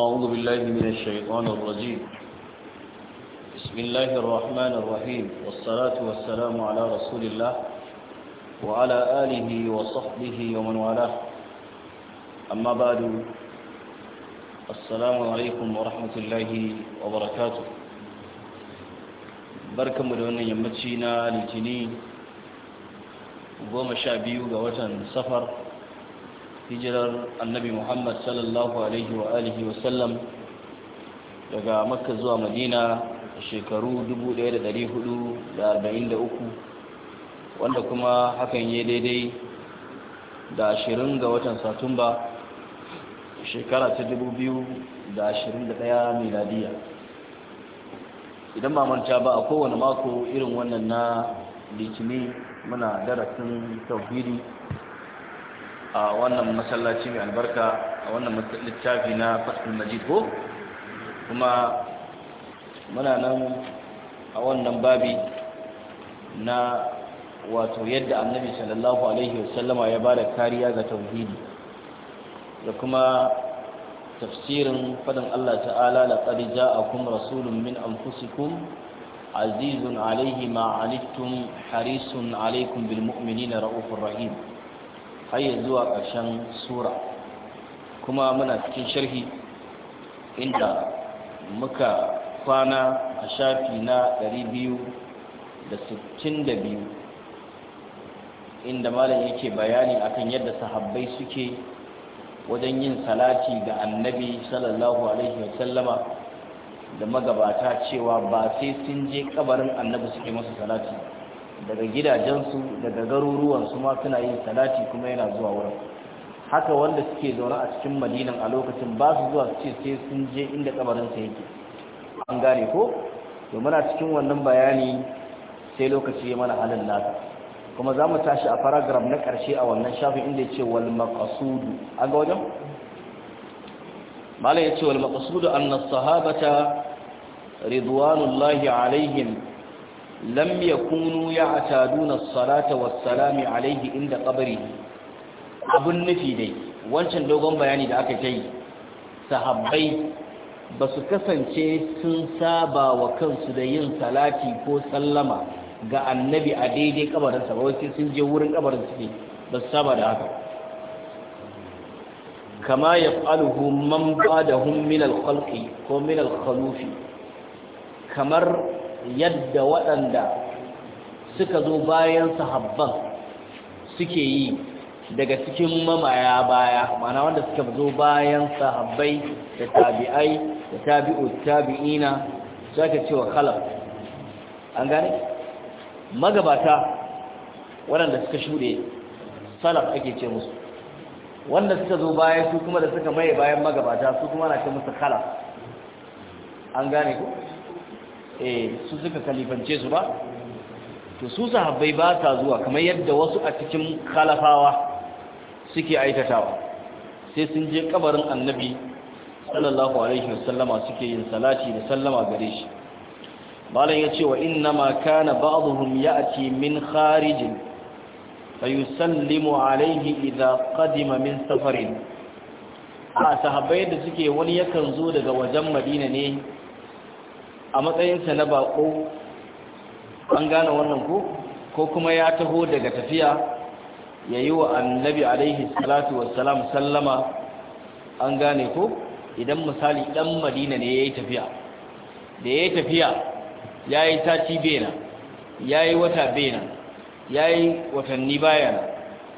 أعوذ بالله من الشيطان الرجيم بسم الله الرحمن الرحيم والصلاة والسلام على رسول الله وعلى آله وصحبه ومن والاه أما بعد السلام عليكم ورحمة الله وبركاته بركة مدونة يمتشينا لتنين goma sha biyu ga watan safar hijirar annabi muhammad sallallahu alaihi wa alihi sallam daga makka zuwa madina shekaru 1443 wanda kuma hakan ya daidai da 20 ga watan satumba shekara ta 2021 miladiya idan mamanta ba a kowane mako irin wannan na litinin muna darasin tauhidi a wannan masallaci mai albarka a wannan littafi na fatul majid ko kuma muna nan a wannan babi na wato yadda annabi sallallahu alaihi wasallama ya bada kariya ga tauhidi da kuma tafsirin fadin Allah ta'ala a kuma rasulun min anfusikum azizun alaihi ma harisun alaikum bil na raufur rahim har ya zuwa ƙarshen sura kuma muna cikin sharhi inda muka kwana a shafi na 262 inda malam yake bayani akan yadda sahabbai suke wajen yin salati ga annabi sallallahu alaihi wasallama da magabata cewa ba sai sun je kabarin annabi suke masa salati ba daga gidajensu daga garuruwansu ma suna yin salati kuma yana zuwa wurin haka wanda suke zaune a cikin madinan a lokacin ba su zuwa su ce sai sun je inda kabarinsa yake an gane ko domin a cikin wannan bayani sai lokaci ya mana halin nasa kuma za mu tashi a paragraf na ƙarshe a wannan shafin inda ya ce wal maqasudu an ga wajen malai ya ce wal maqasudu anna sahabata ridwanullahi alaihim lam yakunu ya'taduna as-salata was-salamu alayhi inda qabrihi abun nufi dai wancan dogon bayani da aka kai sahabbai ba su kasance sun saba wa kansu da yin salati ko sallama ga annabi a daidai kabarinsa ba wasu sun je wurin kabarin ne ba su saba da haka kama ya faluhu man ba da hun minal ko milal khalufi kamar yadda waɗanda suka zo bayan sahabban suke yi daga cikin mamaya baya mana wanda suka zo bayan sahabbai da tabi'ai da tabi'u tabi'ina zaka cewa khalaf an gane magabata waɗanda suka shuɗe salaf ake ce musu wanda suka zo baya su kuma da suka maye bayan magabata su kuma na ce musu khalaf an gane ku Eh, su suka kalifance su ba to su sahabbai ba sa zuwa kamar yadda wasu a cikin khalafawa suke aikatawa sai sun je kabarin annabi sallallahu alaihi wasallama suke yin salati da sallama gare shi malam yace wa inna ma kana ba'dhum ya'ti min kharij fayusallimu alaihi idha qadima min safarin a sahabbai da suke wani yakan zo daga wajen madina ne a matsayinsa na bako an gane wannan ko ko kuma ya taho daga tafiya ya yi wa annabi alaihi salatu wassalam sallama an gane ko idan misali dan madina ne ya yi tafiya da ya yi tafiya ya yi sati bena ya yi wata bena ya yi watanni bayana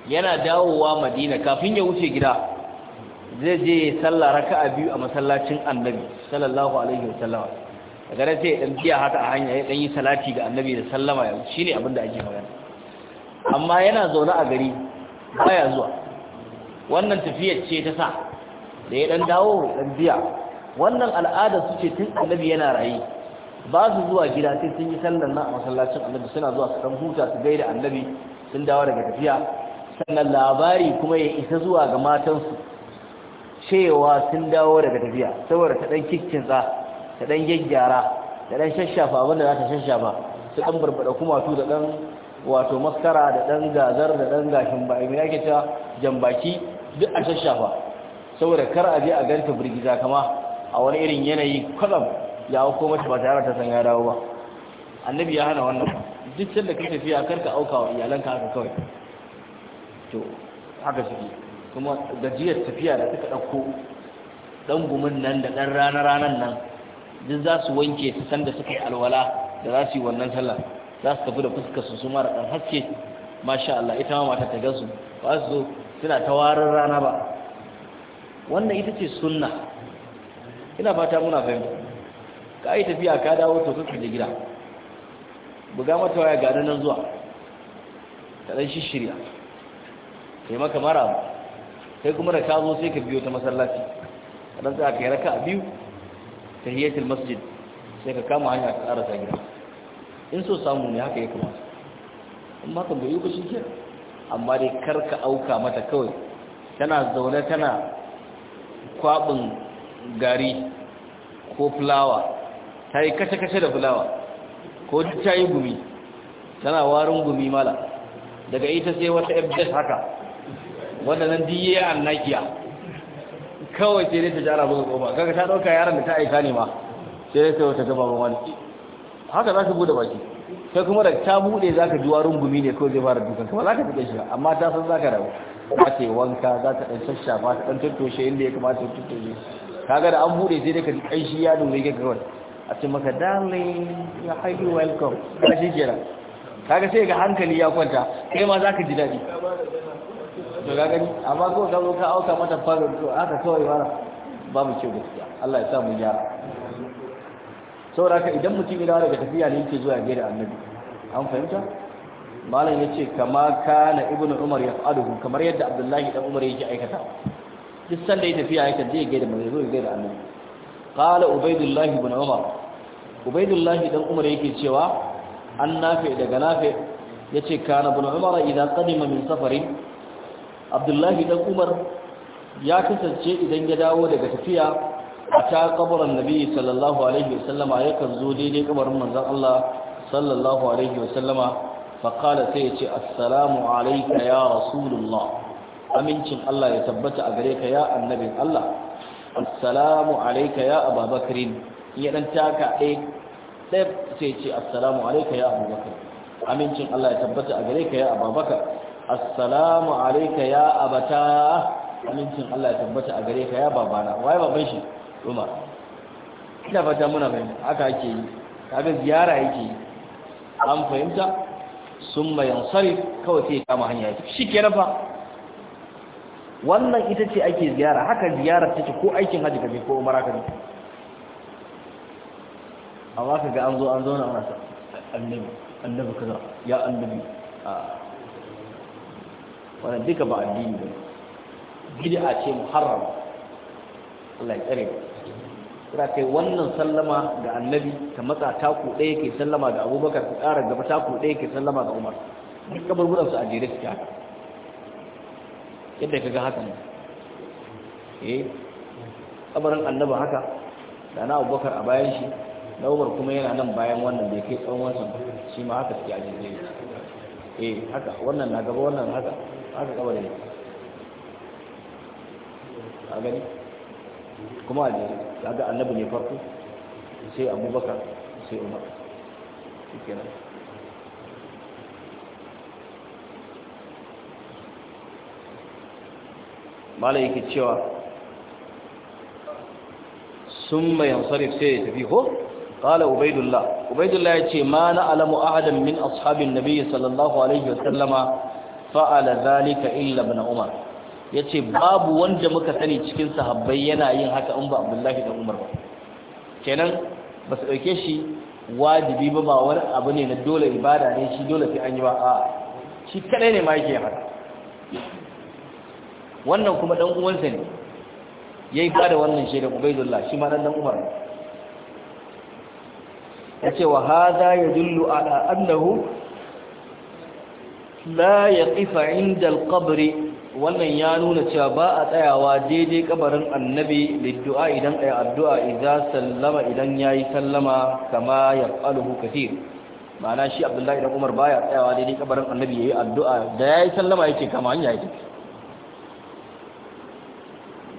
yana dawowa madina kafin ya wuce gida zai je sallah raka'a biyu a masallacin annabi sallallahu alaihi wasallama daga nan sai dan biya haka a hanya ya dan yi salati ga annabi da sallama ya shine abin da ake magana amma yana zaune a gari baya zuwa wannan tafiyar ce ta sa da ya dan dawo dan biya wannan al'adar su ce tun annabi yana rayi ba su zuwa gida sai sun yi sallar na a masallacin annabi suna zuwa su ɗan huta su gaida annabi sun dawo daga tafiya sannan labari kuma ya isa zuwa ga matansu cewa sun dawo daga tafiya saboda ta ɗan kikkin tsa ta dan gyaggyara da dan shashafa abinda za ta shashafa su dan barbada kumatu da dan wato maskara da dan gazar da dan gashin ba mai ake ta jambaki duk a shashafa saboda kar a je a ganta birgiza kama a wani irin yanayi kwalam ya hauko mace ba tare ta san ya dawo ba annabi ya hana wannan duk sanda kake tafiya ka auka wa iyalanka haka kawai to haka suke kuma gajiyar tafiya da suka ɗauko ɗan gumin nan da ɗan rana-ranan nan duk za su wanke su sanda suka yi alwala da za su yi wannan sallah za su tafi da fuskar su su mara haske masha Allah ita ma mata ta gasu ba su zo suna ta warin rana ba wannan ita ce sunna ina fata muna fahimta ka yi tafiya ka dawo to kuka je gida buga mata waya ga nan zuwa ta dan shirya sai maka mara sai kuma da ka zo sai ka biyo ta masallaci dan za ka yi raka biyu tahiyatul masjid sai ka kama hanya ka karasa gida in so samu ne haka ya kamata in ba ka bai yi ba ke amma dai kar ka auka mata kawai tana zaune tana kwabin gari ko fulawa ta yi kashe-kashe da fulawa ko duk ta yi gumi tana warin gumi mala daga ita sai wata ebdes haka waɗannan diye nakiya. kawai sai dai ta jara buga goma kaga ta dauka yaran da ta aika ne ma sai dai sai ta gaba ba wani haka za bude baki sai kuma da ta bude za ka ji warin gumi ne kawai zai fara dukan kuma za ka shi amma ta san za ka rabu za yi wanka za ta ɗan shashafa ta ɗan tattoshe inda ya kamata ta tattoshe kaga da an bude sai dai ka ji shi ya dore ga kawai a ce maka darling ya hayu welcome ka shi kenan kaga sai ga hankali ya kwanta kai ma za ka ji daɗi to ga gani amma ko ka zo ka auka mata farin to aka kawai mara babu ce gaskiya Allah ya sa mu gyara saboda haka idan mutum ya daga tafiya ne yake zuwa gaida annabi an fahimta malam ya ce kama kana ibnu umar ya fa'aduhu kamar yadda abdullahi dan umar yake aikata duk da ya tafiya ya je gaida mai zo da annabi qala ubaidullah ibn umar ubaidullah dan umar yake cewa an daga nafi yace kana ibn umar idan qadima min safarin abdullahi dan umar ya kasance idan ya dawo daga tafiya a ta kabarin nabi sallallahu alaihi wasallama yakan zo daidai kabarin manzon Allah sallallahu alaihi wasallama fa qala sai ya ce assalamu alayka ya rasulullah amincin Allah ya tabbata a gare ka ya annabin Allah assalamu alayka ya abubakar ya dan taka dai sai ce assalamu alayka ya abubakar amincin Allah ya tabbata a gare ka ya abubakar assalamu alaika ya abata amincin Allah ya tabbata a gare ka ya babana waye baban shi Umar ina fata muna bayani haka ake yi kaga ziyara yake yi an fahimta sun mai yansari kawai sai kama hanya shi kenan fa wannan ita ce ake ziyara haka ziyarar take ko aikin hajji kaje ko umara kaje amma kaga an zo an zauna ana sa annabi annabi kaza ya annabi ah. wannan duka ba addini ba bid'a ce muharram Allah ya tsare kira kai wannan sallama ga annabi ka matsa taku ɗaya ke sallama ga abubakar ka ƙara gaba taku ɗaya ke sallama ga umar duk gudan su a jere su haka yadda ka ga haka ne eh kabarin annaba haka da na abubakar a bayan shi na umar kuma yana nan bayan wannan da kai tsawon wasan, shi ma haka suke a jere eh haka wannan na gaba wannan haka haka kabarin ne a gani kuma a jere ga annabi ne farko sai abubakar sai umar shikenan mala yake cewa sun mai hansarif sai ya tafi ko قال UbaidulLah الله عبيد الله يقول ما نعلم أحدا من أصحاب النبي sallallahu alaihi عليه fa'ala zalika illa ibn umar yace babu wanda muka sani cikin sahabbai yana yin haka in ba abdullahi da umar ba kenan ba su dauke shi wajibi ba ba wani abu ne na dole ibada ne shi dole sai an yi ba a shi kadai ne ma yake haka wannan kuma dan uwansa ne yayi ba da wannan shaidan ubaidullah shi ma dan dan umar yace wa hadha yadullu ala annahu la ƙifa inda alƙabari wannan ya nuna cewa ba a tsayawa daidai ƙabarin annabi du'a idan yi addu'a idan sallama idan ya yi sallama kama ya ƙaluhu kafin ma'ana shi Abdullahi da Umar ba ya tsayawa daidai ƙabarin annabi ya yi addu'a da ya yi sallama yake kama an yi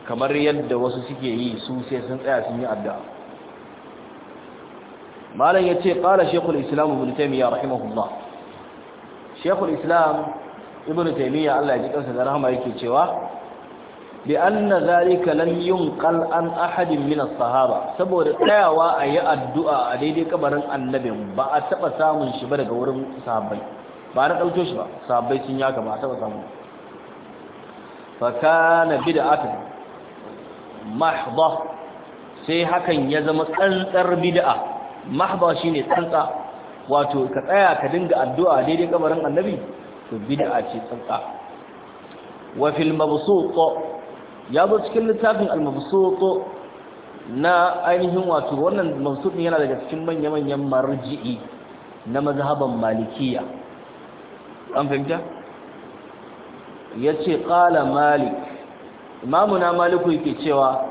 kamar yadda wasu suke yi su sai sun tsaya sun yi addu'a malam yace qala shaykhul islam ibn taymiyyah rahimahullah shekul islam ibn taimiyya allah ya ji kansa da rahama yake cewa bi anna zalika lam yunqal an ahadin min as-sahaba saboda tsayawa a yi addu'a a daidai kabarin annabin ba a taba samun shi ba daga wurin sahabbai ba na dauko shi ba sahabbai sun yaka ba a taba samun fa kana bid'atun mahdha sai hakan ya zama tsantsar bid'a mahdha shine tsantsa wato ka tsaya ka dinga addu'a daidai kabarin annabi to bid'a ce tsantsa wa fil mabsuut ya zo cikin littafin al mabsuut na ainihin wato wannan mabsuut yana daga cikin manya-manyan marji'i na mazhaban malikiya an fahimta yace qala malik imamuna maliku yake cewa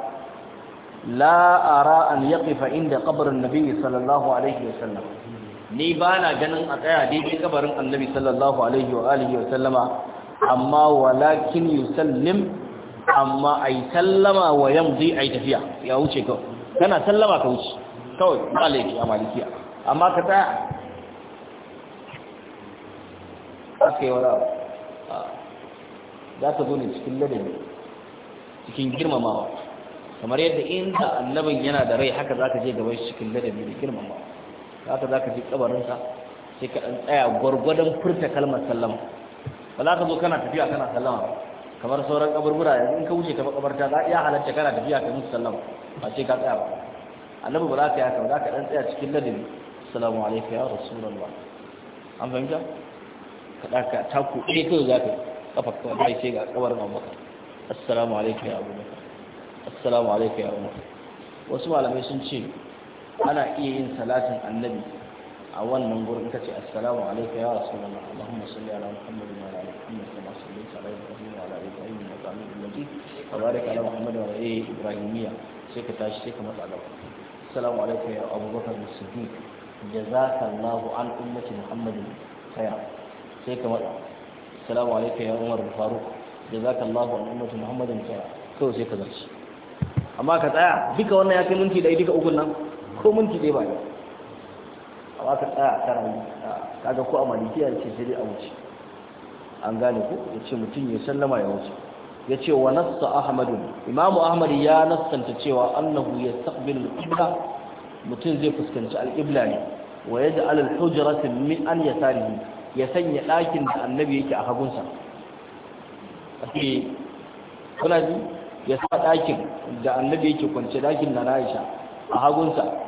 la ara an yaqifa inda qabrin nabi sallallahu alaihi wasallam ni ba na ganin a tsaya daidai kabarin annabi sallallahu alaihi wa alihi wa sallama amma walakin yusallim amma ai sallama wa yamzi ai tafiya ya wuce ka kana sallama ka wuce kawai malaki a malikiya amma ka tsaya aka yi wani za ka zo ne cikin ladabi cikin girmamawa kamar yadda inda annabin yana da rai haka za ka je gaban cikin ladabi da girmamawa haka za ka je ka. sai ka ɗan tsaya gwargwadon furta kalmar sallama ba za ka zo kana tafiya kana sallama kamar sauran kaburbura yanzu in ka wuce ta makabarta za iya halarta kana tafiya ka musu sallama ba sai ka tsaya ba annabi ba za ka yi haka ba za ka ɗan tsaya cikin ladabi assalamu alaikum ya rasulullah an fahimta ka ɗaka taku ɗaya kawai za ka kafa kawai sai sai ga kabarin abubakar assalamu alaikum ya abubakar assalamu alaikum ya umar wasu malamai sun ce ana iya yin salatin annabi a wannan gurin kace assalamu alaikum ya rasulullah allahumma salli ala muhammad wa ala ali muhammad kama sallaita ala ibrahim wa ala ali ibrahim wa ala ali majid wa barik ala muhammad wa ala ali ibrahimiya sai ka tashi sai ka matsa gaba assalamu alaikum ya abubakar as-siddiq jazakallahu an ummati muhammadin khaira sai ka matsa assalamu alaikum ya umar faruq jazakallahu an ummati muhammadin khaira kawai sai ka zarci amma ka tsaya duka wannan ya kai minti ɗaya duka ukun nan ko mun ɗaya ba ne a waka tsaya a tsara kaga ko a malikiya ce sai dai a wuce an gane ko ya ce mutum ya sallama ya wuce ya ce wa nasta ahmadu imamu ahmad ya nastanta cewa annahu ya taqbilu al-qibla mutum zai fuskanci al-qibla ne wa yaj'al al-hujrata min an yasarihi ya sanya ɗakin da annabi yake a hagunsa ake kuna ji ya sa ɗakin da annabi yake kwance ɗakin na Aisha a hagunsa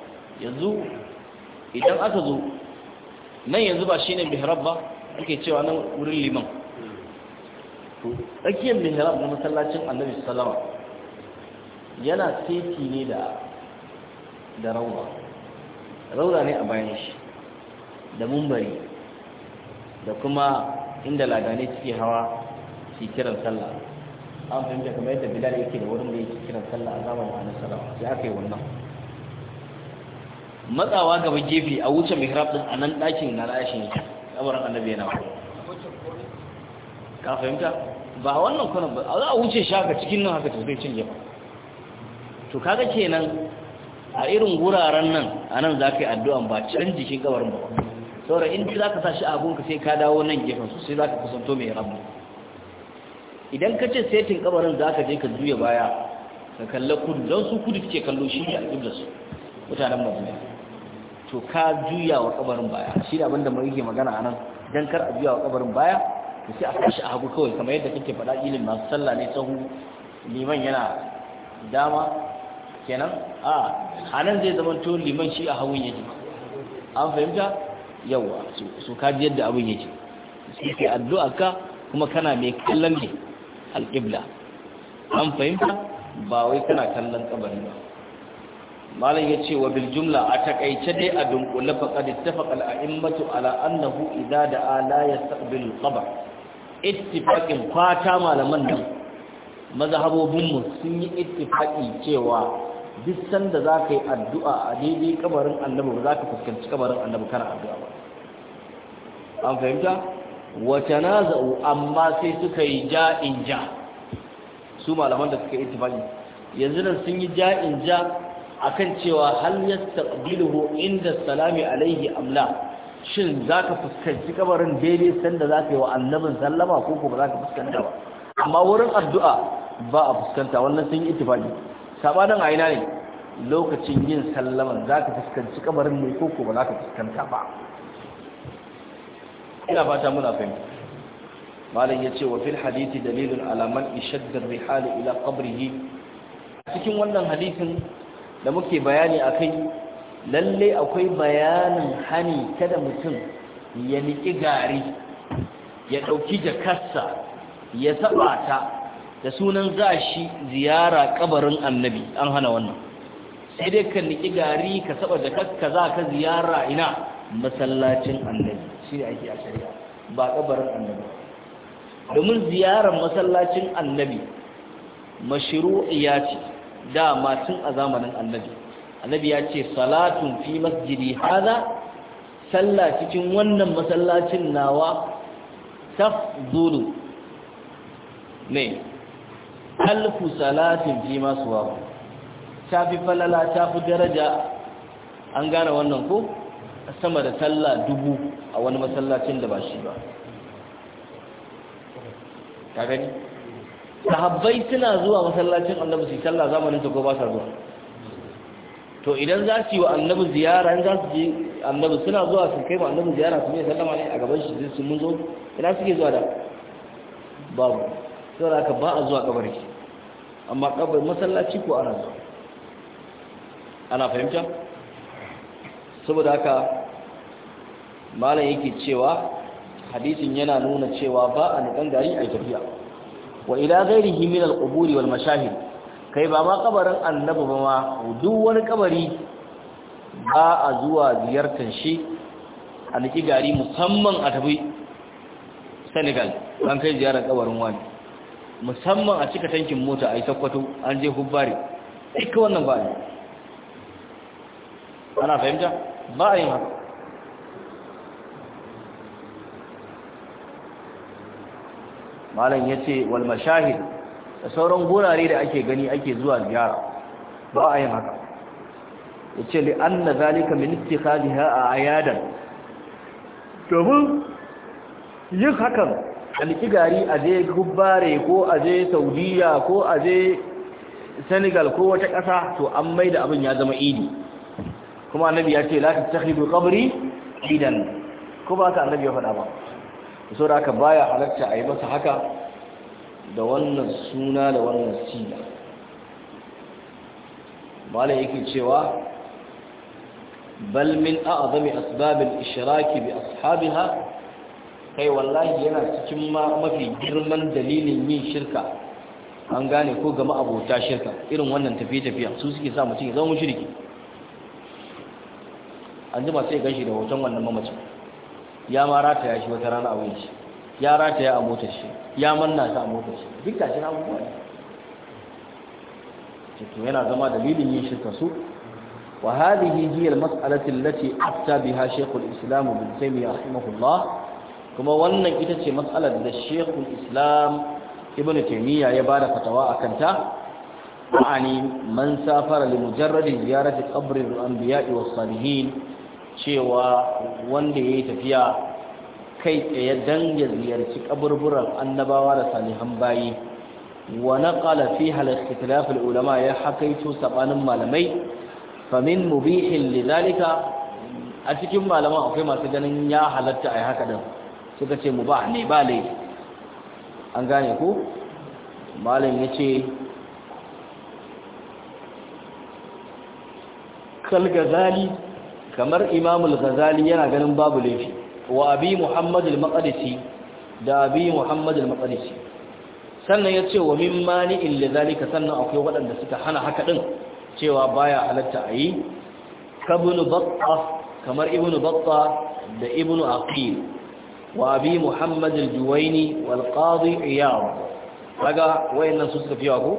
yanzu idan aka zo nan yanzu ba shi ne mihrab ba ake cewa nan wurin liman to tsakiyar mihrab na masallacin annabi sallama yana teki ne da da rauna rauna ne a bayan shi da mumbari da kuma inda ladane suke hawa su kiran sallah an fahimta kamar yadda bilal yake da wurin da yake kiran sallah a zamanin annabi sallama sai aka yi wannan matsawa gaba gefe a wuce mihrab din a nan ɗakin na ra'ashi ne kabarin annabi yana ko ka fahimta ba wannan kuna ba za a wuce shaka cikin nan haka ta zai cin gefe to kaga kenan a irin wuraren nan a nan za ka yi addu'an ba can jikin kabarin ba saura inda za ka sa shi abunka sai ka dawo nan gefen su sai za ka kusanto mai rabu idan ka ce setin kabarin za ka je ka juya baya ka kalla kudu don su kudu ke kallo shi ne a su. mutanen madina to ka juya wa kabarin baya shi da abinda mai yake magana anan dan kar a juya wa kabarin baya to sai a kashi a hagu kawai kama yadda kake faɗa ilin masu sallah ne tsawo. liman yana dama kenan a anan zai zama to liman shi a hagun yake an fahimta yawa su ka ji yadda abin yake sai ke addu'a ka kuma kana mai kallon ne alƙibla an fahimta ba wai kana kallon kabarin ba malam ya ce wa bil jumla a takaice dai a dunkule kad ittafaqa al a'immatu ala annahu idza da'a la yastaqbil qabr ittifaqin fata malaman nan mazhabobin mu sun yi ittifaqi cewa duk sanda zaka yi addu'a a daidai kabarin annabi ba zaka fuskanci kabarin annabi kana addu'a ba an fahimta wa tanaza'u amma sai suka yi ja'in ja su malaman da suka yi ittifaqi yanzu nan sun yi ja'in ja akan cewa hal yastaqbiluhu inda salami alaihi amla shin zaka fuskanci kabarin daidai sanda zaka yi wa annabin sallama ko kuma zaka fuskanta ba amma wurin addu'a ba a fuskanta wannan sun yi ittifaqi sabanin a ina ne lokacin yin sallaman zaka fuskanci kabarin mai ko kuma zaka fuskanta ba ina fata muna fahimta malam yace wa fil hadisi dalilun ala man ishadda rihal ila qabrihi cikin wannan hadisin da muke bayani a kai lalle akwai bayanin hani kada mutum ya niki gari ya ɗauki jakarsa ya taɓa ta da sunan shi ziyara kabarin annabi an hana wannan sai dai ka niki gari ka saba da kaka za ka ziyara ina masallacin annabi shi da ake a shari'a ba kabarin annabi domin ziyarar masallacin annabi ya ce dama tun a zamanin annabi annabi ya ce salatun fi masjidi hada salla cikin wannan masallacin nawa tafdulu ne alfu salatin fi ta fi falala ta fi daraja an gane wannan ko sama da talla dubu a wani masallacin da ba shi ba ta gani sahabbai suna zuwa masallacin annabi su sallah zamanin ta ko ba sa zuwa to idan za su yi wa annabi ziyara in za su je annabi suna zuwa su kai wa annabi ziyara su mai sallama ne a gaban shi sun mun zo ina suke zuwa da babu sai da aka ba a zuwa kabari amma kabarin masallaci ko ana zuwa ana fahimta saboda haka malam yake cewa hadisin yana nuna cewa ba a nikan gari a tafiya wa ila ghairihi min al-qubur wal mashahid kai ba ma kabarin annabi ba ma duk wani kabari ba a zuwa ziyartar shi a niki gari musamman a tafi Senegal an kai ziyarar kabarin wani musamman a cika tankin mota a yi sakwato an je hubbari duka wannan ba ne ana fahimta ba a haka malam yace wal mashahid da sauran gurare da ake gani ake zuwa ziyara ba a yin haka yace li anna zalika min ittikhadha ayadan domin yin hakan alkigari a je gubbare ko a je saudiya ko a je senegal ko wata ƙasa to an mai da abin ya zama idi kuma annabi ya ce la tattakhidu qabri idan ko ba ka annabi ya faɗa ba so da aka baya halarta a yi masa haka da wannan suna da wannan sila malam yake cewa bal min a'zami asbabil ishraki bi ashabiha kai wallahi yana cikin mafi girman dalilin yin shirka an gane ko gama abota shirka irin wannan tafiye-tafiya su suke sa mutum ya zama mushriki an jima sai gashi da hoton wannan mamacin ya ma rataya shi wata rana a wuyan shi ya rataya a motar shi ya manna shi a motar shi duk da shi na abubuwa ne to yana zama dalilin yin shirka su wa hadhihi hiya al-mas'alati allati afta biha shaykh al-islam ibn taymiyyah rahimahullah kuma wannan ita ce mas'alar da shaykh al-islam ibn taymiyyah ya bada fatawa akan ta يعني من سافر لمجرد زيارة قبر الأنبياء والصالحين cewa wanda ya yi tafiya kai tsaye don ya ziyarci kaburburan annabawa da salihan bayi wa naqala fi al-ikhtilaf ulama ya hakaito sabanin malamai famin mubihin lizalika a cikin malaman akwai masu ganin ya halatta yi haka don suka ce mu ba ne ba ne an gane ku? malam yace kal gazali kamar imam al-ghazali yana ganin babu laifi wa abi muhammad al-maqdisi da abi muhammad al-maqdisi sannan yace wa min mani'in lidhalika sannan akwai waɗanda suka hana haka din cewa baya halatta ayi kabnu batta kamar ibnu batta da ibnu aqil wa abi muhammad al-juwaini wal qadi iyad kaga wayannan su suka fiya ko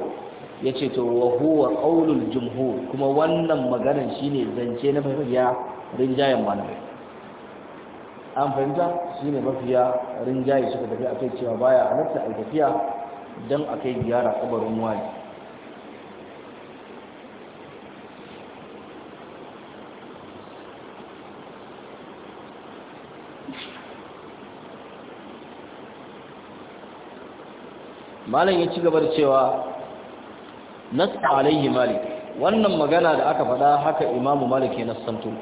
ya ce to wa huwa qaulul jumhur kuma wannan maganan shine zance na mafiya rinjayen malamai an fahimta shine mafiya rinjaye suka tafi akai cewa baya halatta a tafiya dan kai gyara kabarin wani malam ya ci gaba da cewa nas alaihi malik wannan magana da aka faɗa haka imamu malik ya nasanto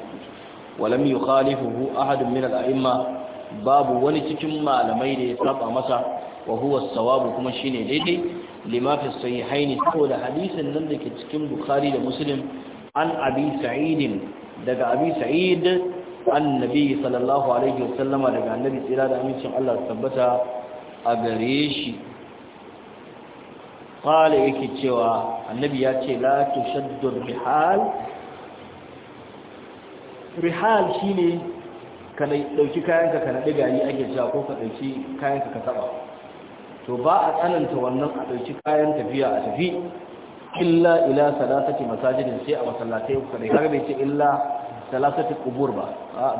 walam yukhalifuhu ahadun min al-a'imma babu wani cikin malamai da ya saba masa wa huwa sawabu kuma shine daidai lima fi sahihain saboda hadisin nan da ke cikin bukhari da muslim an abi sa'id daga abi sa'id annabi sallallahu alaihi wasallama daga annabi tsira da amincin Allah tabbata a gare shi qala yake cewa annabi ya ce la tushaddu rihal rihal shine ka dauki kayanka ka nadi ni ake cewa ko ka dauki kayanka ka saba to ba a tsananta wannan a dauki kayan tafiya a tafi illa ila salatati masajidin sai a masallatai ku dai har bai ce illa salatati qubur ba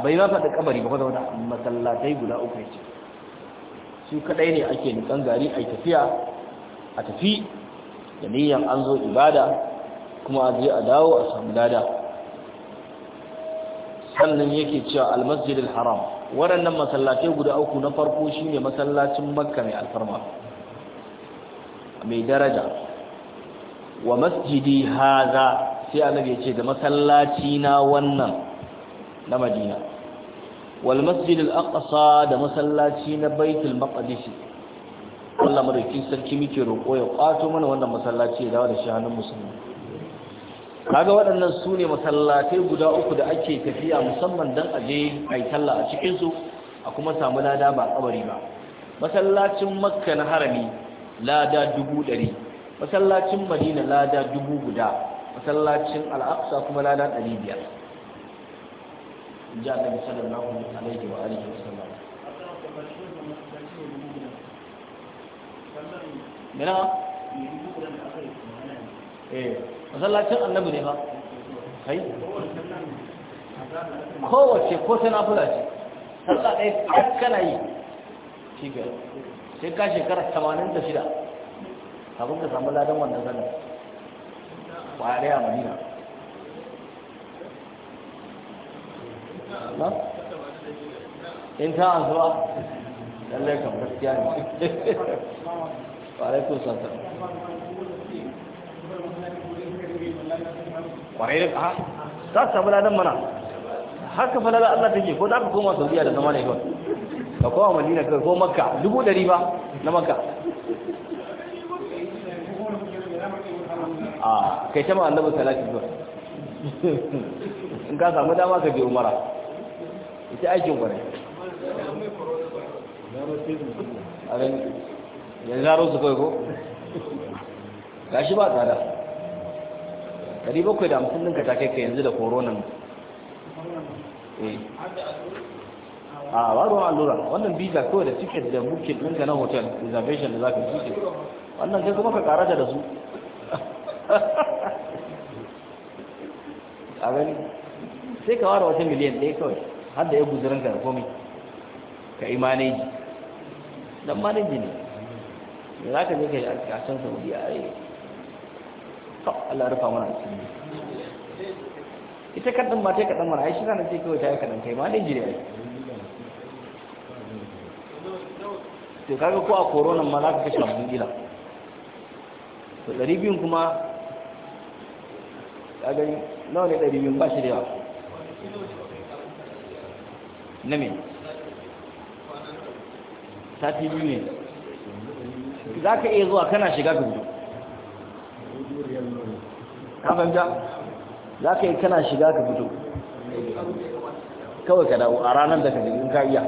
bai ba da kabari ba kuma masallatai guda uku ce su kadai ne ake nikan gari ai tafiya a tafi da niyyar an zo ibada kuma a je a dawo a samu lada sannan yake cewa almasjid haram waɗannan masallatai guda uku na farko shine masallacin makka mai alfarma mai daraja wa masjidi haza sai annabi ya ce da masallaci na wannan na madina wal masjid al-aqsa da masallaci na baitul maqdis Allah madaukin sarki muke roƙo ya kwato mana wannan masallaci ya dawo da shi hannun musulmi kaga waɗannan su ne masallatai guda uku da ake tafiya musamman don aje a yi talla a cikinsu a kuma samu lada ba kabari ba masallacin makka na harami lada dubu ɗari masallacin madina lada dubu guda masallacin al'aqsa kuma lada ɗari biyar ji annabi sallallahu alaihi wa alihi wasallam mina eh masallacin annabi ne ba, kai kowace ko ta nafula ce sallah ɗaya kakkana yi shigar sai ka shekara 86 abin ka samu ladan wannan zanen ƙware a madina in ta an zuwa lallai kamar gaskiya ne alaikun sata kwarai ha za ladan mana haka falala Allah take ko za ka koma saudiya da zama ne ba ka koma madina ka makka dubu ɗari ba na makka kai ta ma annabi yanzu a rosu kawai ko gashi ba tsada Dari bakwai da hamsin ninka ta kai ka yanzu da koronan eh. a ah, ba ruwan allura wannan visa kawai da ticket da bukit ɗinka na hotel reservation da za ka fi wannan kai kuma ka karata da su a gani sai ka wara wata miliyan ɗaya kawai har da ya guzurinka da komi ka imanin maneji don maneji ne za ka ne ka yi a kasan saudiya a yi Allah rufa mana a cikin ita kaɗan ba ta yi kaɗan mara a yi shi ranar ce kawai ta yi kaɗan kai ma dai jire to kaga ko a koronan ma za ka kashe abin gila to ɗari biyun kuma ya gani nawa ne ɗari biyun ba shi da yawa na me sati biyu ne za ka iya zuwa kana shiga ka fito kafanta za ka yi kana shiga ka fito kawai ka dawo a ranar da ka jirgin kariya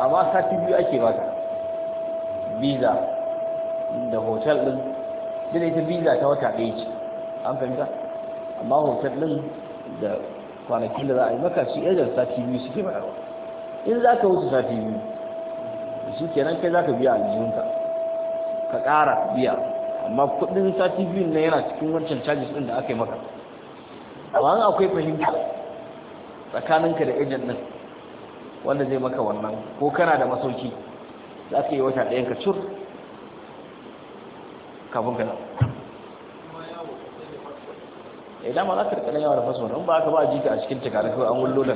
amma sati biyu ake baka visa da hotel din dina ita visa ta wata ɗaya ce an fahimta amma hotel din da kwanakin da za a yi maka su yadda sati biyu suke bayarwa in za ka wuce sati biyu shi kenan kai za ka biya aljihunka ka ƙara biya amma kudin sati biyun na yana cikin wancan charges ɗin da aka yi maka amma akwai fahimta tsakaninka da agent ɗin wanda zai maka wannan ko kana da masauki za ka yi wata ɗayan ka cur kafin ka nan ya eh, ma za ka rika yawa da fasfon in ba ka ba jika a cikin takarar an wullo da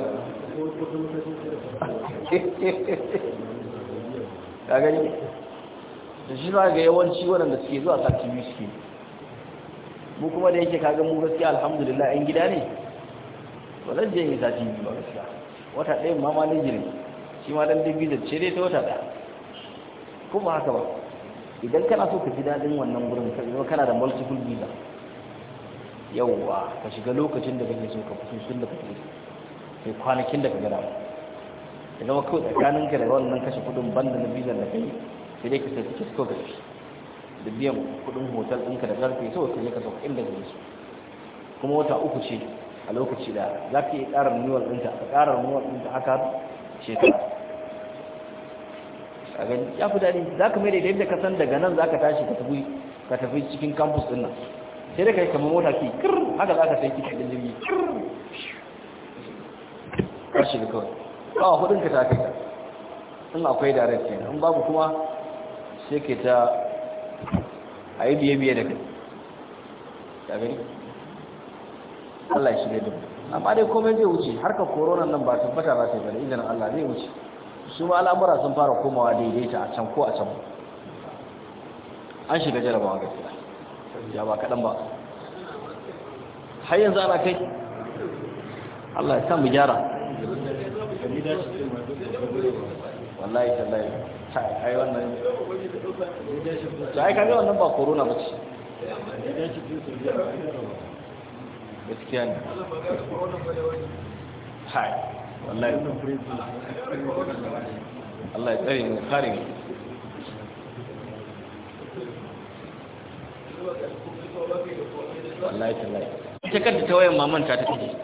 ka gani da shi za ga yawanci waɗanda suke zuwa sati biyu suke mu kuma da yake kaga mu gaskiya alhamdulillah ɗan gida ne ba zan je yin sati biyu ba gaskiya wata ɗaya ma ma na jirin shi ma dan dubi da ce dai ta wata ɗaya kuma haka ba idan kana so ka ji daɗin wannan gurin ka zama kana da multiple visa yawwa ka shiga lokacin da kake so ka fito tun da kake sai kwanakin da ka gada daga zama tsakanin ka da wannan kashe kudin banda na bizar da kai sai dai ka sai tiket ko ka shi da biyan kudin hotel ɗinka da zarfe sau ka je ka sauka inda zai su kuma wata uku ce a lokaci da za ka iya ƙara renewal ɗinta a ƙara renewal ɗinta haka shekara a gani ya fi daɗi za ka mai da yadda ka san daga nan za ka tashi ka tafi cikin campus ɗin nan sai da yi kamar mota ke kirr haka za ka sai kitin jirgi kirr ka da kawai awa hudun ka ta kai in akwai direct kenan in babu kuma sai ke ta a yi biye biye da kai Ya gani Allah ya ne dubu amma dai komai zai wuce harkar koronan nan ba tabbata ba sai bane idan Allah zai wuce su ma al'amura sun fara komawa daidaita a can ko a can an shiga jarabawa gaskiya ya ba kaɗan ba har yanzu ana kai Allah ya san mu gyara wallahi tallahi ai wannan to ai kaga wannan ba corona ba ce gaskiya ne hai wallahi Allah ya tsare ni kare ni wallahi tallahi ita kanta ta wayan mamanta ta kaje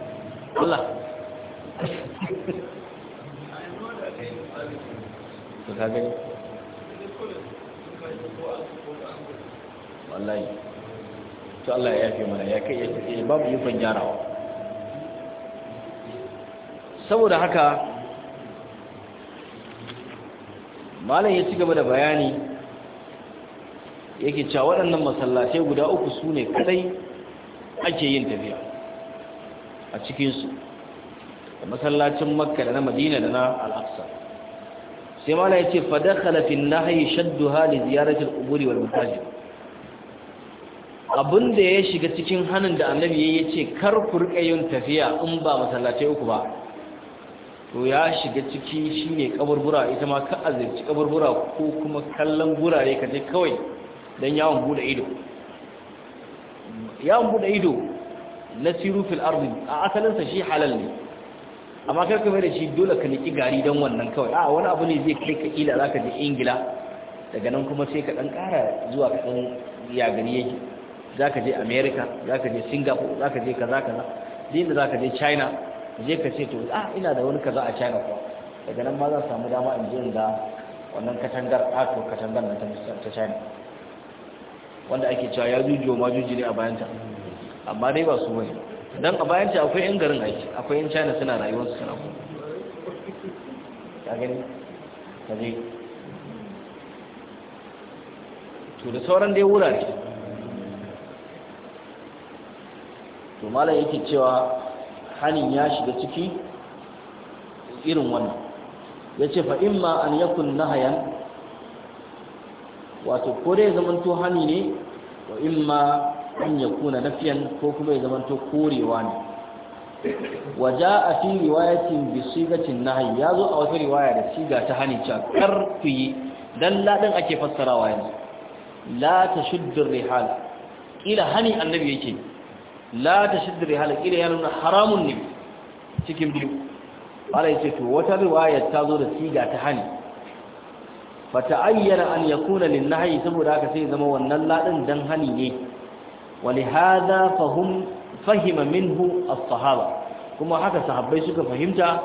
to ka gani wallahi to Allah ya mana ya kai ya eh, babu yufan gyarawa saboda haka malam ya ci gaba da bayani yake cewa waɗannan masallatai guda uku su ne kadai ake yin tafiya a cikinsu da masallacin makka da na madina da na al'aqsa sai mala yace ce dakhala fi nahyi shadduha li ziyarati al-quburi wa abinda ya shiga cikin hannun da annabi ya ce kar ku rika yin tafiya in ba masallacai uku ba to ya shiga ciki shine kaburbura ita ma ka azirci kaburbura ko kuma kallon gurare kaje kawai don yawon buɗe ido yawon buɗe ido na siru fil a asalinsa shi halal ne amma kai kuma da shi dole ka niki gari don wannan kawai a wani abu ne zai kai ka ila za ka je ingila daga nan kuma sai ka ɗan ƙara zuwa kaɗan ya gani yake za ka je america za ka je singapore za ka je kaza kaza din da za ka je china je ka ce to a ah, ina da wani kaza a china kuwa daga nan ma za samu dama in je da wannan katangar a ato katangar nan ta china wanda ake cewa ya jujuwa ma juji ne a bayanta amma dai ba su bane don a bayan akwai 'yan garin aiki akwai 'yan china suna rayuwarsu suna kuma gani ta zai to da sauran dai wurare to malam yake cewa hannun ya shiga ciki irin wannan ya ce fa'in ma an yakun na hayan wato ko dai zamanto hani ne wa in ma an ya kuna nafiyan ko kuma ya zamanto korewa ne waje a fi riwayatin bi sigatin nahi ya zo a wata riwaya da shiga ta hani cewa karfi dan ladan ake fassarawa yanzu la tashuddur rihal kila hani annabi yake la tashuddur rihal kila ya nuna haramun ne cikin biyu ala yace to wata riwaya ta zo da shiga ta hani fata ayyana an yakuna lin nahi saboda haka sai zama wannan ladan dan hani ne ولهذا فهم فهم منه الصحابة كما حكى صحابي suka fahimta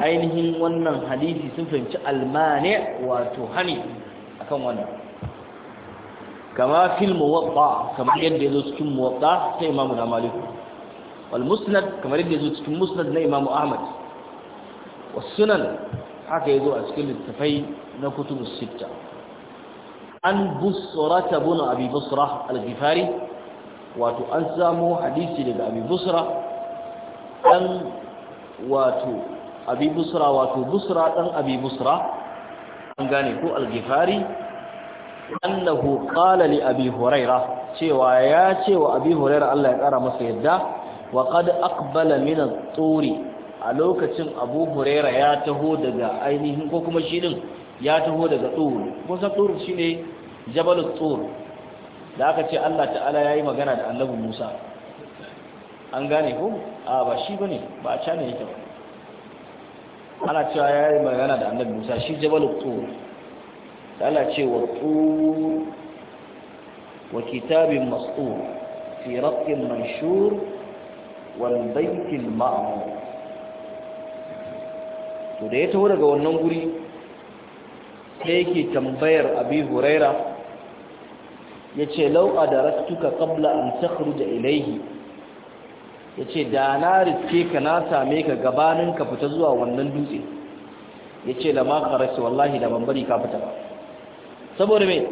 ainihin wannan hadisi sun fahimci almani wato hani akan wannan kama fil muwatta kama yadda yazo cikin muwatta sai imamu na malik wal musnad kama yadda yazo cikin musnad na imamu ahmad was sunan haka yazo a cikin littafai na kutubus sitta an busra ibn abi busra al-ghifari wato an samu hadisi daga abi busra dan wato abi busra wato busra dan abi busra an gane ko al-ghifari annahu qala li abi hurayra cewa ya ce wa abi hurayra Allah ya kara masa yadda wa qad aqbala min at-turi a lokacin abu hurayra ya taho daga ainihin ko kuma shi din ya taho daga tsuru kusa tsuru shine jabal tsuru da aka ce Allah ta'ala ya yi magana da annabin Musa an gane ku, a ba shi bane ba a cana yake ba ana cewa ya yi magana da annabin Musa shi jabal tur da Allah ce wa tur wa kitabin mas'ur fi raqin manshur wal baytil ma'mur to da ya taho daga wannan guri sai yake tambayar abi huraira yace da rastuka kabla an ilaihi ya yace da na riske ka na same ka gabanin ka fita zuwa wannan dutse yace lama kharasi wallahi da ban bari ka fita ba saboda mai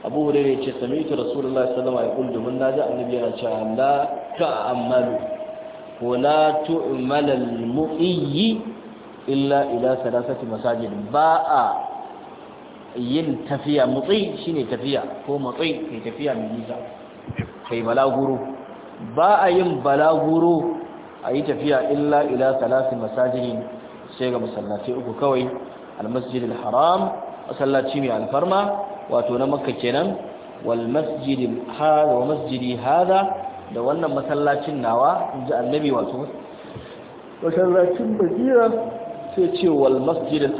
Abu Hurairah yace sami'tu Rasulullahi sallallahu alaihi salama ya kullu na ji annabi yana cewa la amalu ko la tu'mal al-mu'iyyi illa ila sadasati masajid ba'a yin tafiya mutsi shine tafiya ko mutsi kai tafiya mai nisa kai balaguro ba a yin balaguro a yi tafiya illa ila salasi masajidin sai ga masallaci uku kawai almasjid haram masallaci mai alfarma wato na makka kenan wal masjid wa masjidi hada da wannan masallacin nawa inji annabi wato masallacin bazira sai ce wal masjid al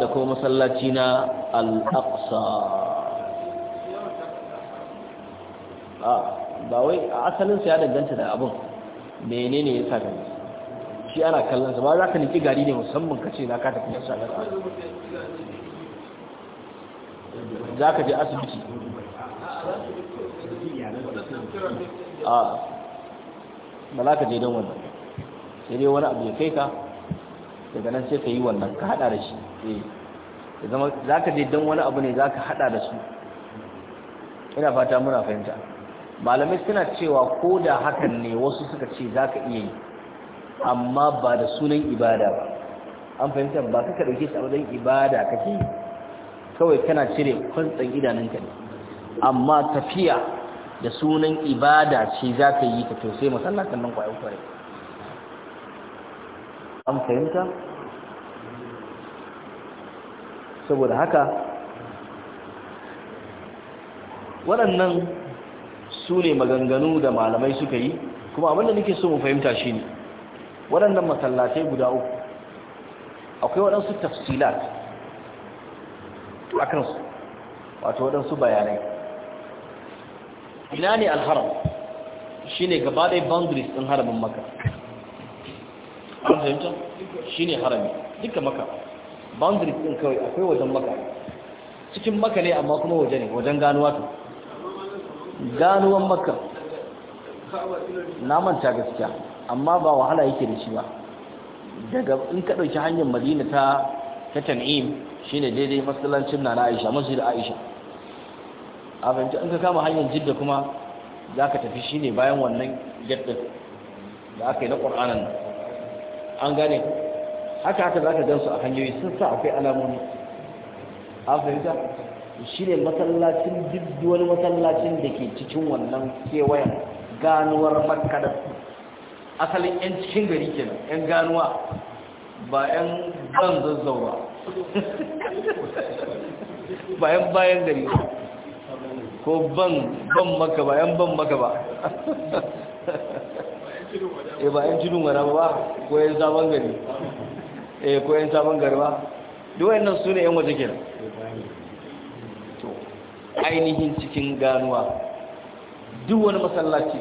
da kuma masallaci na al-aqsa ah, ba wai asalin sa ya danganta da abun menene ya sa saka shi ana kallon sa ba za ka niki gari ne musamman kace za ka tafi sa za ka je asibiti a ah, ba za ka je don wannan sai dai wani abu ya kai ka daga nan sai ka yi wannan ka hada da shi eh. zama za ka je don wani abu ne za ka haɗa da su ina fata muna fahimta malamai suna cewa ko da hakan ne wasu suka ce za ka iya yi amma ba da sunan ibada ba an fahimta ba ka ɗauke shi a wajen ibada kake kawai kana cire kwantsan idanunka ne amma tafiya da sunan ibada ce za ka yi ka to sai masallacin nan kwayo kwarai an fahimta saboda haka waɗannan su ne maganganu da malamai suka yi kuma abinda nake so mu fahimta shi ne waɗannan masallatai guda uku akwai waɗansu tafsilat a kansu wato waɗansu bayanai ina ne alharam shi ne gaba ɗaya boundaries ɗin haramin maka an fahimta shi ne harami duka maka boundary din kawai akwai wajen maka cikin maka ne amma kuma waje ne wajen ganuwa to ganuwan maka na manta gaskiya amma ba wahala yake da shi ba daga in ka ɗauki hanyar madina ta ta tan'im shine daidai masallacin na Aisha masjid Aisha a fahimci in ka kama hanyar jidda kuma za ka tafi shine bayan wannan gaddin da aka yi na ƙur'anan an gane haka haka za ka gan su a hanyoyi sun sa akwai alamomi a fahimta shi ne matsalacin duk matsalacin da ke cikin wannan kewayen ganuwar makadar asalin 'yan cikin gari nan, 'yan ganuwa ba 'yan ban zazzau ba yan bayan gari ko ban ban maka yan ban maka ba e ba jinin wara ba ko yan zaben gari eh ko yan sabon garba duk wannan su yan waje kenan to ainihin cikin ganuwa duk wani masallaci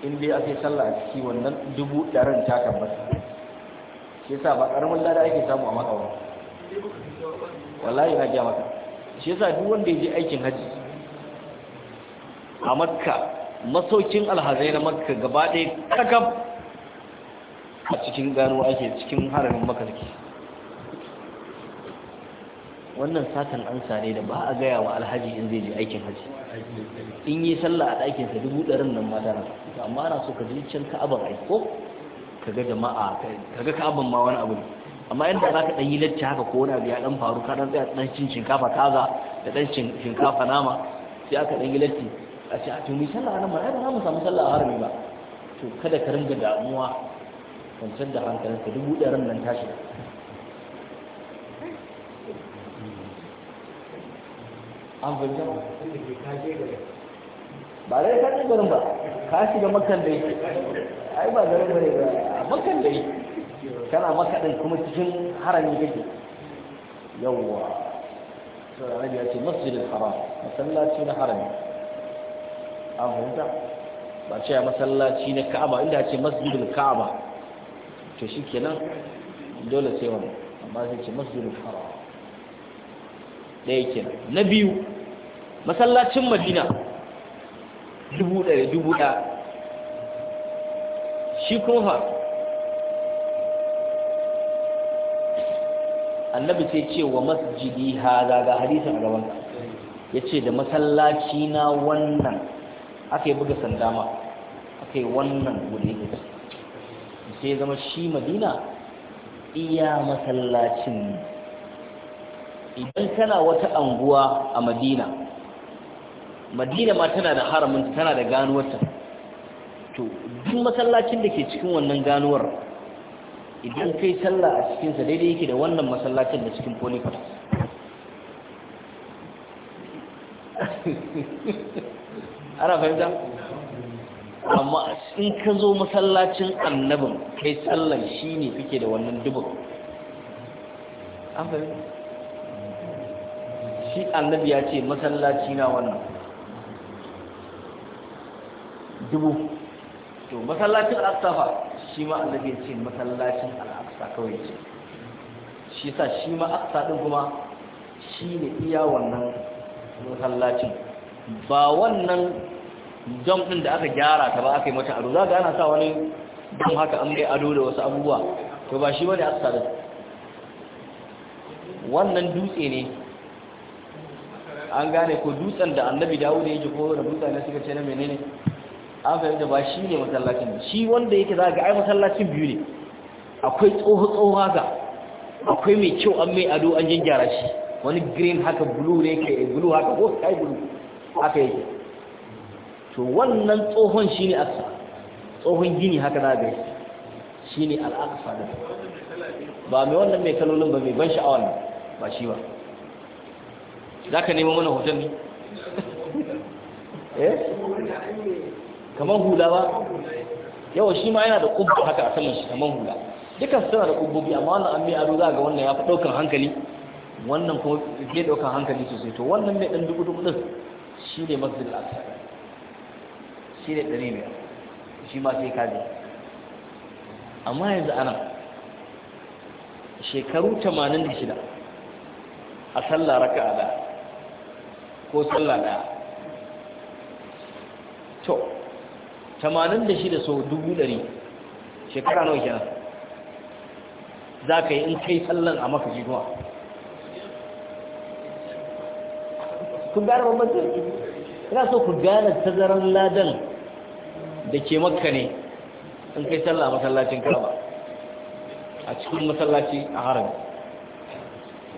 in dai aka yi sallah a ciki wannan dubu ɗarin ta tabbata shi yasa ba ƙaramin lada ake samu a maka wani wallahi na gya maka shi yasa duk wanda ya je aikin hajji a makka masaukin alhazai na makka gaba ɗaya kakab a cikin gano ake cikin haramin makarki wannan satan an sare da ba a gaya wa alhaji in zai je aikin haji in yi sallah a ɗakinsa dubu ɗarin nan mata na amma ana so ka je can ka'abar aiko ka ga jama'a ka ga ka'abar ma wani abu ne amma yadda za ka ɗan yi lacci haka ko wani abu ya ɗan faru ka ɗan tsaya ɗan cin shinkafa kaza da ɗan shinkafa nama sai aka ɗan yi lacci a ce a tumi sallah nan ma ai ba za mu samu sallah a harami ba to kada ka ringa damuwa kwanciyar da hankalinsa dubu ran nan tashi an fahimta ba da ka ce garin ba ka shiga makan da yake ai ba garin bane ba a makan da yake kana makaɗin kuma cikin harami kake yawwa sai ya ce masjidil haram masallaci na harami an fahimta ba ce masallaci na ka'aba inda ce masjidil ka'aba to shi kenan dole sai wani amma sai ce masjidul haram ɗaya kenan na biyu masallacin madina dubu ɗaya dubu ɗaya shi kuma annabi sai ce wa masjidi haza ga hadisin a gaban ya ce da masallaci na wannan aka yi buga sandama aka yi wannan gudu ya sai zama shi madina iya masallacin idan kana wata anguwa a madina madina ma tana da haramun tana da ganuwarta to duk masallacin da ke cikin wannan ganuwar idan kai sallah a cikinsa daidai yake da wannan masallacin da cikin polycarp ana fahimta amma in ka zo masallacin annabin kai tsallan shi ne fike da wannan dubu. an shi annabi ya ce masallaci na wannan dubu to masallacin al'aqsa shi ma annabi ya ce masallacin al'aqsa kawai ce shi sa shi ma aqsa ɗin kuma shi ne iya wannan masallacin ba wannan Dom ɗin da aka gyara ta ba aka yi mata ado za ga ana sa wani don haka an mai ado da wasu abubuwa to ba shi bane asarin wannan dutse ne an gane ko dutsen da annabi dawo da ji ko da dutsen na suka ce na menene an fahimta ba shi ne masallacin shi wanda yake za ga ai masallacin biyu ne akwai tsoho tsoho haka akwai mai kyau an mai ado an gyara shi wani green haka blue ne ke blue haka ko sky blue haka yake to wannan tsohon shi ne aksa tsohon gini haka na gai shi ne al'aksa da ba mai wannan mai kalolin ba mai ban sha'awar ba shi ba za ka nemi mana hoton ne eh kamar hula ba yawon shi ma yana da kubba haka a saman shi kamar hula dukkan suna da kubbobi amma wannan an mai aro za ga wannan ya fi ɗaukan hankali wannan kuma ke ɗaukar hankali sosai to wannan mai ɗan dubu dubu ɗin shi ne da al'aksa shi ne ɗari biyar shi ma sai kaji amma yanzu ana shekaru tamanin da shida a sallah raka a ko sallah ɗaya to tamanin da shida sau dubu ɗari shekara nawa kenan za ka yi in kai sallan a maka jiduwa kun gane bambancin ina so ku gane tazaran ladan da ke makka ne in kai sallah a masallacin kaba a cikin masallaci a haram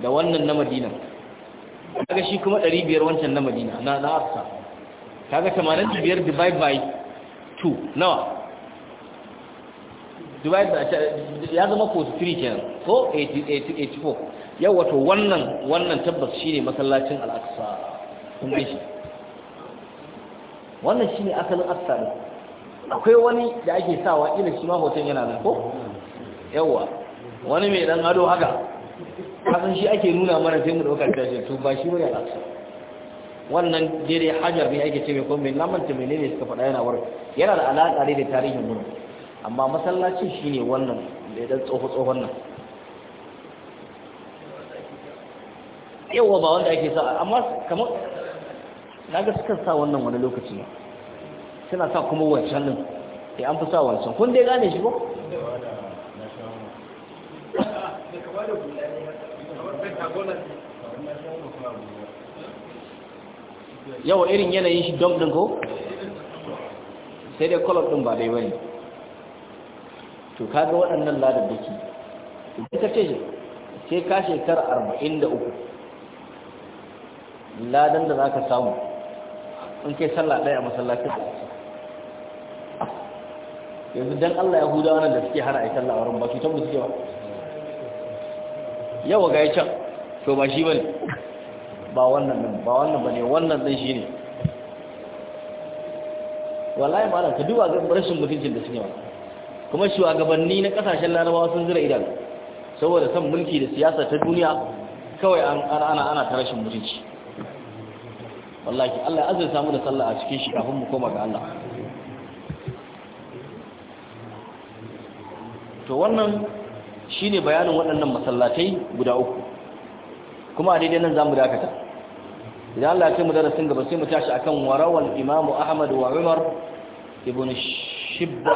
da wannan na madina kaga shi kuma 500 wancan na madina na na afsa kaga 85 divide by 2 nawa divide by ya zama 43 kenan ko 84 yau wato wannan wannan tabbas shine masallacin al'aksa. kun shi wannan shine asalin aqsa akwai wani da ake sawa irin shi ma hoton yana nan ko yawa wani mai dan ado haka kasan shi ake nuna mana sai mu dauka da shi to ba shi bane al'aqsa wannan dare hajar ne ake ce mai ko mai lamanta mai menene suka faɗa yana war yana da alaƙa ne da tarihin mu amma masallacin shine wannan da dan tsoho tsohon nan yawa ba wanda ake sa amma kamar naga suka sa wannan wani lokaci ne suna sa kuma wancan din eh an fi sa wancan kun dai gane shi ko yawa irin yanayin shi dom din ko sai dai kolob din ba dai wani to kaga waɗannan ke ɗin ka ce sai ka shekara arba'in da uku ladan da za ka samu in kai sallah ɗaya a masallacin yanzu don Allah huda wani da suke hana a yi sallah wurin ba cutar musu ba yawa ga ya can to ba shi ba ne ba wannan ba ba wannan ba ne wannan zai shi ne wallahi ma ka duba ga rashin mutuncin da suke ba kuma shugabanni na kasashen larabawa sun zira idan saboda san mulki da siyasa ta duniya kawai an ana ana ta rashin mutunci wallahi Allah ya azurta mu da sallah a cikin shi kafin mu koma ga Allah to wannan shi ne bayanin waɗannan masallatai guda uku kuma a daidai nan za mu dakata idan Allah ya ce mu darasin gaba sai mu tashi akan warawal imamu Ahmad wa Umar ibn Shibba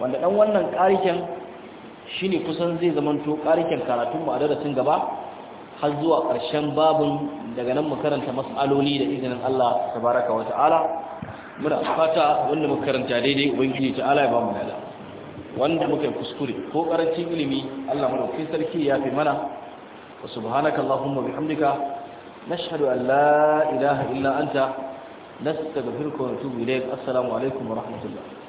wanda dan wannan ƙariken shine kusan zai to ƙariken karatun mu a darasin gaba har zuwa ƙarshen babun daga nan mu karanta mas'aloli da izinin Allah tabaraka wa ta'ala muna fata wanda mu karanta daidai ubangiji ta'ala ya ba mu lada wanda muka yi kuskure ko karancin ilimi Allah madaukakin sarki ya fi mana wa subhanaka allahumma bihamdika nashhadu an la ilaha illa anta nastaghfiruka wa natubu ilayk assalamu alaikum wa rahmatullah